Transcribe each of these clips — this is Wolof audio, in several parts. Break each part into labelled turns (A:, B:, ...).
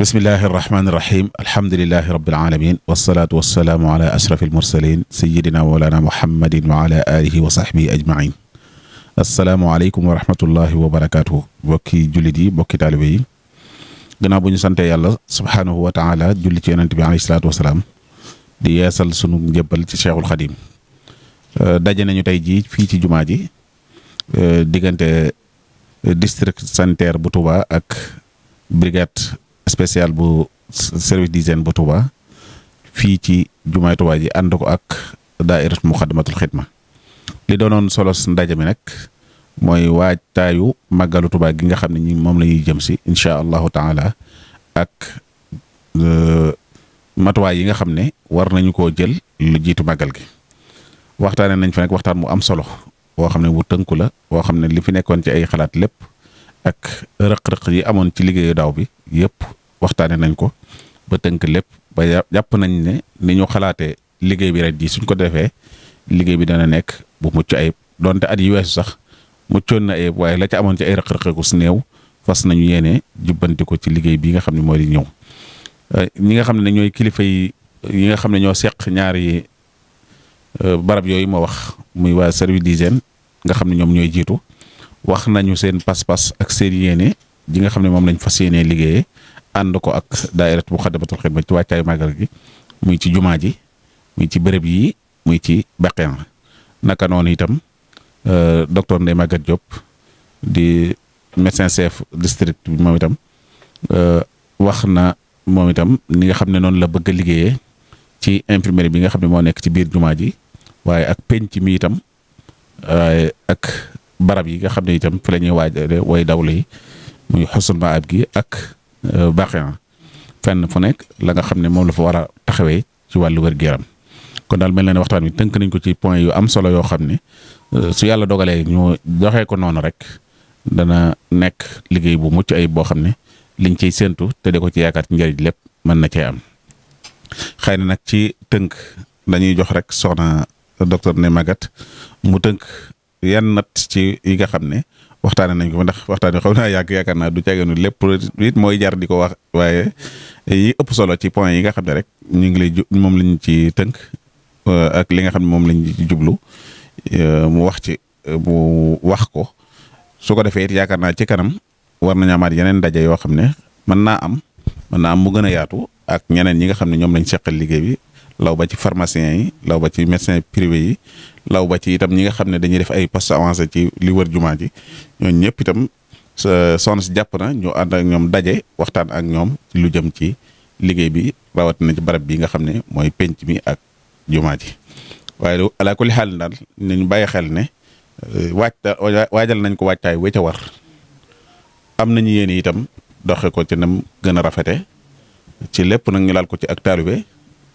A: bismillahi irrahmani irrahim alhamdulilahi rabilalamin walsalaatu walsalaamu ala ashraf almursalin sayidina moolana muhammadin wa ala alihi wa sahbihi ajmain asalaamualeykum wa rahmatullahi wa barakatuhu bokki jullit yi bokki taalibe yi gannaaw bu ñu sante yàlla subhaanahu wa taala julli ci yonent bi alayhi salaatu wasalaam di yeesal sunu njëbbal ci cheikhul xadim euh, daje nañu tey jii fii ci jumaa ji euh, diggante euh, district sanitaire bu Touba ak brigade spéciale bu service d'hygiène bu Touba fii ci jumaay Touba ji ànd ko ak daairat Muxaddamatul Xidma li doonoon solos ndaje mi nag mooy waajtaayu màggalu Touba gi nga xam ne ñi moom la jëm si incha allahu taala ak euh, matuwaay yi nga xam ne war nañu koo jël jiitu màggal gi waxtaanee nañ fa nag waxtaan mu am solo woo xam ne wu tënku la woo xam ne li fi nekkoon ci ay xalaat lépp ak rëq-rëq yi amoon ci liggéeyu daaw bi yëpp waxtaane nañ ko ba tënk lépp ba jàpp nañ ne ni ñu xalaatee liggéey bi rek jii suñ ko defee liggéey bi dana nekk bu mucc ayib donte at yi weesu sax muccoon na ayib waaye la ca amoon ci ay rëq-rëq su néew fas nañu yéene jubbanti ci liggéey bi nga xam ne mooy di ñëw euh, ñi nga xam ne ñooy kilifa yi nga xam ne ñoo seq ñaari euh, barab yooyu ma wax muy waa service d'hygiène nga xam ne ñoom ñooy jiitu wax nañu seen pas-pas ak seen yéene ji nga xam ne moom lañ fas yéenee liggéeyee ànd ko ak daayirat bu xadamatul xidma ci wàccaayu màggal gi muy ci jumaa ji muy ci bërëb yi muy ci baqeen naka noonu itam euh, docteur Ndeye Maguette Diop di médecin chef district moom itam euh, wax na moom itam ni nga xam ne noonu la bëgg a liggéeyee ci infirmerie bi nga xam ne moo nekk ci biir jumaa ji waaye ak ci mi itam waaye ak barab yi nga xam ne itam fi la ñuy waaj way dawlu yi muy xosul ma gi ak Euh, baaxee fenn fu nekk la nga xam ne moom la fa war a taxawee ci wàllu wér gu kon daal mel na ne waxtaan bi tënk nañ ko ci point yu am solo yoo xam ne euh, su yàlla dogalee ñu joxe ko noonu rek dana nekk liggéey bu mucc ay boo xam ne liñ ciy séentu te de ko ci yaakaar ci njëriñ lépp mën na cee am xëy na nag ci tënk dañuy jox rek soxna docteur ne Maguette mu tënk yan nat ci yi nga xam ne waxtaane nañ ko ndax waxtaane xaw naa yàgg yaakaar naa du caaginu lépp it mooy jar di ko wax waaye yi ëpp solo ci point yi nga xam ne rek ñu ngi lay moom lañ ci tënk euh, ak li nga xam ne moom lañ ci jublu euh, mu wax ci mu euh, wax ko su ko defee it yaakaar naa ci kanam war nañu amaat yeneen daje yoo xam ne mën naa am mën naa am mu gën a yaatu ak ñeneen ñi nga xam ne ñoom lañ seqal liggéey bi law ba ci pharmaciens yi law ba ci médecin privé yi law ba ci itam ñi nga xam ne dañuy def ay poste avancé ci li war jumaa ji ñooñu ñëpp itam soxna jàpp na ñu ànd ak ñoom daje waxtaan ak ñoom lu jëm ci liggéey bi na ci barab bi nga xam ne mooy penc mi ak jumaa ji waaye alaa kulli xaal daal ñu bàyyi xel ne euh, waajta waajal nañ ko waajtaay wé ca war am nañu yéen itam doxe ko ci nam gën a rafete ci lépp nag ñu laal ko ci ak taalibe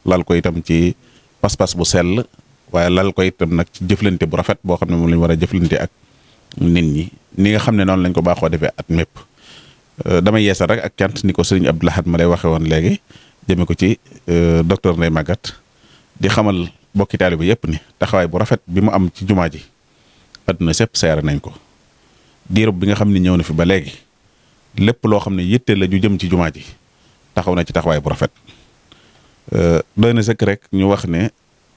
A: lal ko itam ci pas-pas bu sell waaye lal ko itam nag ci jëflante bu rafet boo xam ne moom la ñu war a jëflante ak nit ñi ni nga xam ne noonu lañ ko baaxoo defee at mépp euh, dama yeesal rek ak cant ni ko sëriñ Abdou Lahad ma lay waxee woon léegi jëme ko ci euh, docteur Ndeye Maguette di xamal bokki taalibe yëpp ni taxawaay bu rafet bi mu am ci jumaa ji adduna sépp seere nañ ko diirub bi nga xam ne ñëw na fi ba léegi lépp loo xam ne yitte la ju jëm ci jumaa ji taxaw na ci taxawaay bu rafet Euh, doy na sëkk rek ñu wax ne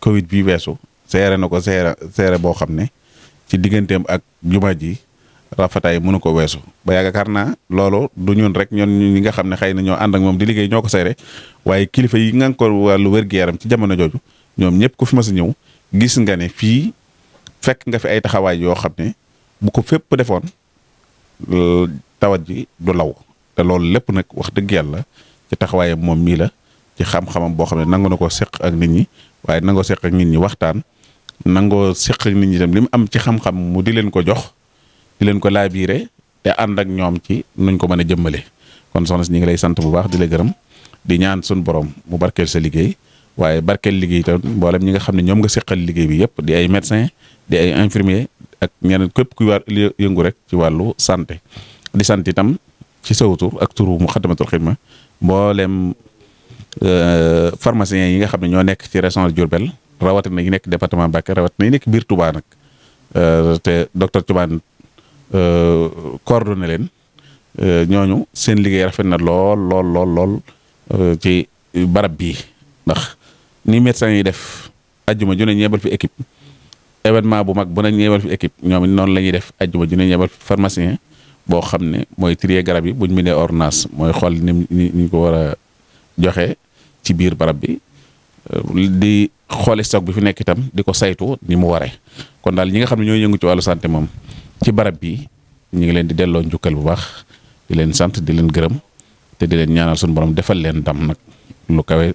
A: Covid bi weesu seere na ko seere seere boo xam ne ci digganteem ak juma ji rafetaay mënu ko weesu ba yaakaar naa loolu du ñun rek ñun ñi nga xam ne xëy na ñoo ànd ak moom di liggéey ñoo ko seere waaye kilifa yi nga ko wàllu wér-gu-yaram ci jamono jooju ñoom ñëpp ko fi mas a ñëw gis nga ne fii fekk nga fi ay taxawaay yoo xam ne bu ko fépp defoon tawat ji du law te loolu lépp nag wax dëgg yàlla ci taxawaayam moom mii la. ci xam-xamam boo xam ne nangu na ko seq ak nit ñi waaye nangoo seq ak nit ñi waxtaan nangoo seq ak nit ñi tam li mu am ci xam-xam mu di leen ko jox di leen ko laabiire te ànd ak ñoom ci nuñ ko mën a jëmmale kon soxna si ñu ngi lay sant bu baax di la gërëm di ñaan suñu borom mu barkeel sa liggéey waaye barkeel liggéey tam mboolem ñi nga xam ne ñoom nga seqal liggéey bi yëpp di ay médecin di ay infirmier ak ñeneen képp kuy war yëngu rek ci wàllu santé di sant itam ci sawtur ak turu mu xaddamatul xidma Euh, pharmaciens yi nga xam ne ñoo nekk ci région de Diourbel rawatina yi nekk département Mbacké rawatina yi nekk biir Touba nag euh, te docteur Thioubane euh, coordonné leen ñooñu seen liggéey rafet na lool lool lool lool ci barab bii ndax ni médecins yi def ajjuma ju ne ñeebal fi équipe événement bu mag bu ne ñeebal fi équipe ñoom noonu la ñuy def ajjuma ju ne ñeebal fi pharmacien boo xam ne mooy trier garab yi bu ñu mënee ordonnance mooy xool ni ñu ko war a joxe ci biir barab bi euh, di xoole stock bi fi nekk itam di ko saytu ni mu waree kon daal ñi nga xam ne ñooy ñëngu ci wàllu santé moom ci barab bi ñu ngi leen di delloo njukkal bu baax di leen sant di leen gërëm te di leen ñaanal suñu borom defal leen ndam nag lu kawe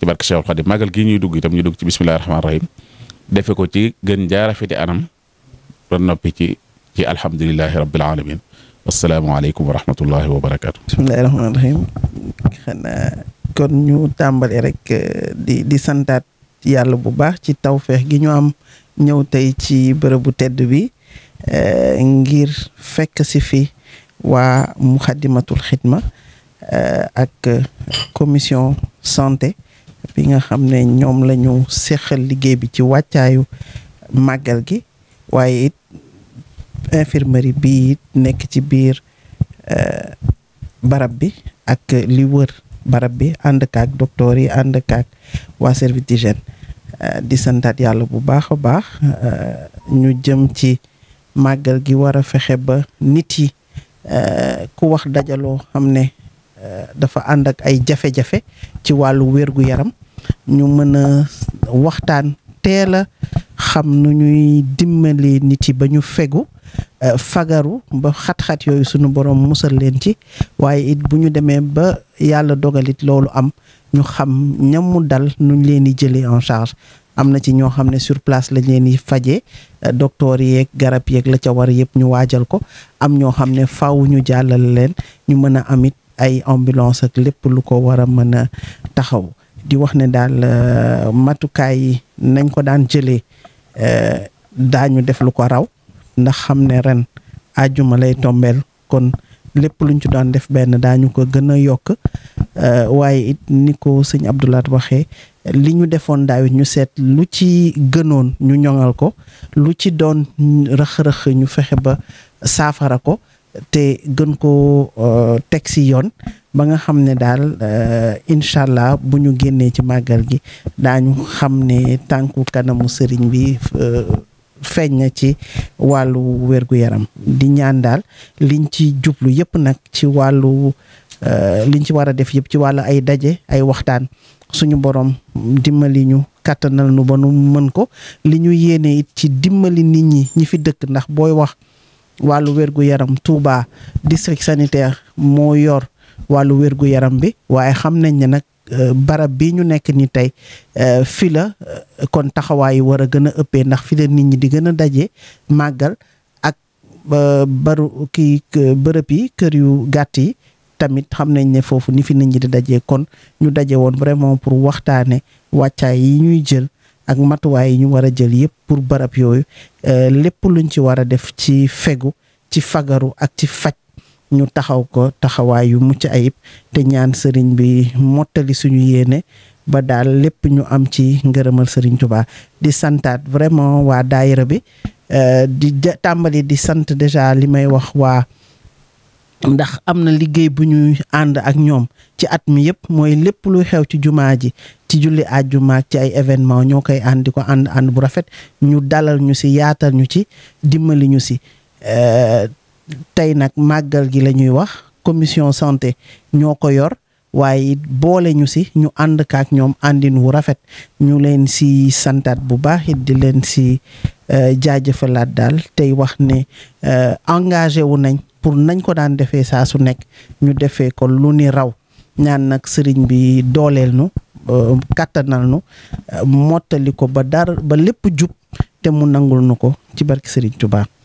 A: ci barke Cheikhul Khadim màggal gii ñuy dugg itam ñu dugg ci bisimilah rahmaani rahim defe ko ci gën jaarafeti anam ba noppi ci ci alhamdulilahi rabbil alamin asalaamaaleykum wa rahmatullahi wa barakaatu.
B: bismillahi rahmaani rahim kon ñu tàmbali rek eh, di di santaat yàlla bu baax ci tawfeex gi ñu am ñëw tey ci bërëbu tedd bi eh, ngir fekk si fi waa Muxaddamatul Xidma eh, ak commission santé bi nga xam ne ñoom la ñu seqal liggéey bi ci wàccaayu màggal gi waaye it infirmerie bii nekk ci biir euh, barab bi ak li wër barab bi ànd kaak docteur yi ànd kaak waa service d'hygiène euh, di santaat yàlla bu baax a baax euh, ñu jëm ci màggal gi war a fexe ba nit yi ku wax dajaloo xam ne dafa ànd ak ay jafe-jafe ci wàllu wérgu yaram ñu mën a waxtaan teel xam nu ñuy dimbalee nit yi ba ñu fegu euh, fagaru ba xat-xat yooyu sunu borom musal leen ci waaye it bu ñu demee ba yàlla dogalit loolu am ñu xam ñamu dal nuñ leen di jëlee en charge am na ci ñoo xam ne surplace lañ leen di fajee euh, docteur yeeg garab yeeg la ca war yëpp ñu waajal ko am ñoo xam ne faw ñu jàllal leen ñu mën a amit ay ambulance ak lépp lu ko war a mën a taxaw di wax ne daal euh, matukaay yi nañ ko daan jëlee euh, daañu def lu ko raw ndax xam ne ren ajuma lay tombeel kon lépp luñ ci doon def benn daañu ko gën a yokk euh, waaye it ni ko sëñ Abdoulaat waxee li ñu defoon daaw ñu seet lu ci gënoon ñu ñoŋal ko lu ci doon rëx ñu fexe ba saafara ko te gën ko teg si yoon ba nga xam ne daal euh, incha allah bu ñu génnee ci màggal gi daañu xam ne tànku kanamu sëriñ bi euh, feeñ na ci wàllu wér-gu-yaram di ñaan daal liñ ci jublu yëpp nag ci wàllu euh, liñ ci war a def yëpp ci wàllu ay daje ay waxtaan suñu borom dimbali ñu kàttanal nu ba nu mën ko li ñu yéene ci dimbali nit ñi ñi fi dëkk ndax booy wax wàllu wér-gu-yaram Touba district sanitaire moo yor wàllu wér-gu-yaram bi waaye xam nañ ne nag euh, barab bi ñu nekk ni tey euh, fi la euh, kon taxawaay war a gën a ëppee ndax fi la nit ñi di gën a daje màggal ak baru bërëb yi kër yu gàtt yi tamit xam nañ ne foofu ni fi nit ñi di daje kon ñu daje woon vraiment pour waxtaane wàccaay yi ñuy jël ak matuwaay yi ñu war a jël yëpp pour barab yooyu lépp luñ ci war a def ci fegu ci fagaru ak ci faj ñu taxaw ko taxawaay yu mucc ayib te ñaan sëriñ bi mottali suñu yéene ba daal lépp ñu am ci ngërëmal sëriñ Tuubaa di santaat vraiment waa daayira bi euh, di tàmbali di sant déjà li may wax waa ndax am na liggéey buñu ànd ak ñoom ci at mi yëpp mooy lépp luy xew ci jumaa ji ci julli àjjuma ak ci ay événement ñoo koy ànd ko ànd ànd bu rafet ñu dalal ñu si yaatal ñu ci dimbali ñu si tey nag màggal gi la ñuy wax commission santé ñoo ko yor waaye boole ñu si ñu ànd kaak ñoom àndin wu rafet ñu leen si santaat bu baax di leen si euh, jaajëfalaat daal tey wax ne euh, engagé wu nañ pour nañ ko daan defee saa su nekk ñu defee ko lu ni raw ñaan nag sëriñ bi dooleel nu euh, kàttanal nu mottali ko ba dara ba lépp jub te mu nangul nu ko ci barki sëriñ baax